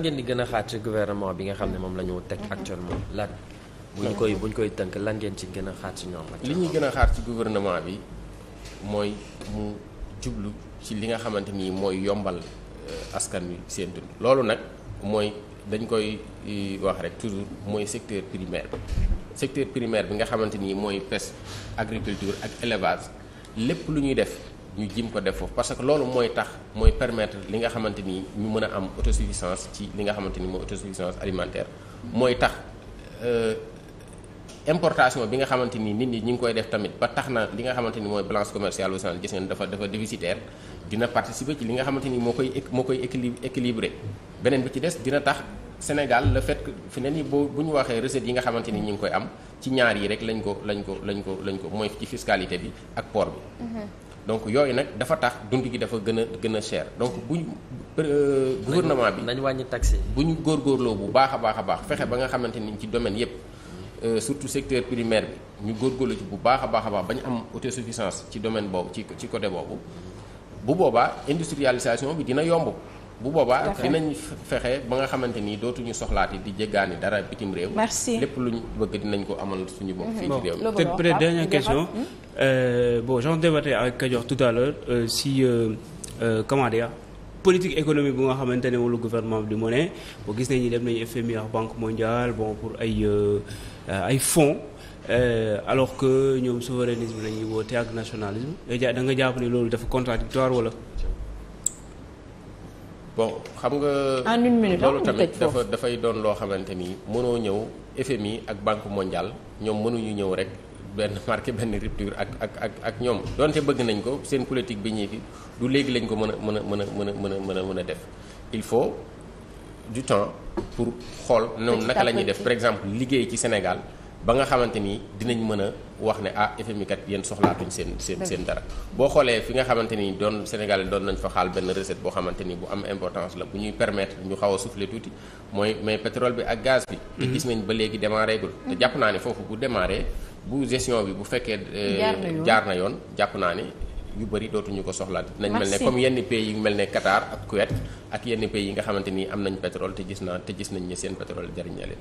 ngeen di gën a xaar ci gouvernement bi nga xam ne moom la ñu teg actuellement lan. bu ñu koy bu ñu koy tënk lan ngeen ci gën a xaar ci ñoom. li ñuy gën a xaar ci gouvernement bi mooy mu jublu ci li nga xamante ni mooy yombal euh, askan wi seen dund. loolu nag mooy dañ koy wax rek toujours mooy secteur primaire bi secteur primaire bi nga xamante ni mooy pêche agriculture ak élevage lépp lu ñuy def. ñu jim ko def foofu parce que loolu mooy tax mooy permettre li nga xamante ni ñu mën a am autosuffisance ci li nga xamante ni mooy autosuffisance alimentaire mooy tax euh, importation bi nga xamante ni nit ñi ñu ngi koy def tamit ba tax na li nga xamante ni mooy balance commerciale bu Sénégal gis dafa dafa déficitaire dina participer ci li nga xamante ni moo koy moo koy équilibré beneen bi ci des dina tax Sénégal le fait que fi nii boo bu ñu waxee recettes yi nga xamante ni ñu ngi koy am ci ñaar yi rek lañ ko lañ ko lañ ko lañ ko mooy ci fiscalité bi ak port bi mm-hmm. donc yooyu nag dafa tax dund gi dafa gën a gën a cher donc bu ñu euh, gouvernement bi nañu wàññi taxe bu ñu góor góorgóorloo bu baax a baax a baax fexe ba nga xamante ni ci domaine yépp euh, surtout secteur primaire bi ñu góorgóorlu ci bu baax a baax a baax ba ñu am autosuffisance ci domaine boobu ci ci côté boobu bu boobaa industrialisation bi dina yomb bu boobaa dinañ fexe ba nga xamante ni dootuñu soxlaati di jéggaani dara bitim réew lépp luñ bëgg dinañ ko amal suñu bopp mhm. fii ci réew mi peut-être dernière question hmm? Euh, bon j'en débattais avec jox tout à l'heure euh, si euh, comment dire politique économique bu nga xamante ne wala gouvernement bi di mu ne boo gis nañu dem nañu FMI ak banque mondiale bon pour ay ay fonds alors que ñoom souverainisme la ñuy woote ak nationalisme da nga jàpp ne loolu dafa contradictoire wala. bon xam nga. en loolu ah, tamit dafay doon loo xamante ni mënoo ñëw FMI ak banque mondiale ñoom mënuñu ñëw rek. benn marqué benn rupture ak ak ak ak ñoom donte bëgg nañ ko seen politique bi ñuy fi du léegi lañ ko mën a mën a mën a mën a mën a mën a mën a def il faut du temps pour xool ñoom naka la ñuy def par exemple liggéey ci Sénégal ba nga xamante ni dinañ mën a wax ne ah FMI kat yéen soxlaatuñ seen seen seen dara boo xoolee fi nga xamante ni doon Sénégal doon nañ fa xaal benn recette boo xamante ni bu am importance la bu ñuy permettre ñu xaw a souffler tuuti mooy mais pétrole bi ak gaz bi te mm-hmm. gis nañ ba léegi démarré gul te mm-hmm. jàpp naa ne foofu bu démarré bu gestion bi bu fekkee euh, jaar na yoon jàpp naa ne yu bëri dootuñu ko soxlaat nañ mel ne comme yenn pays yi mel ne Qatar ak Kuwait ak yenn nga xamante ni am nañ pétrole te gis naa te gis nañ seen pétrole jëriñ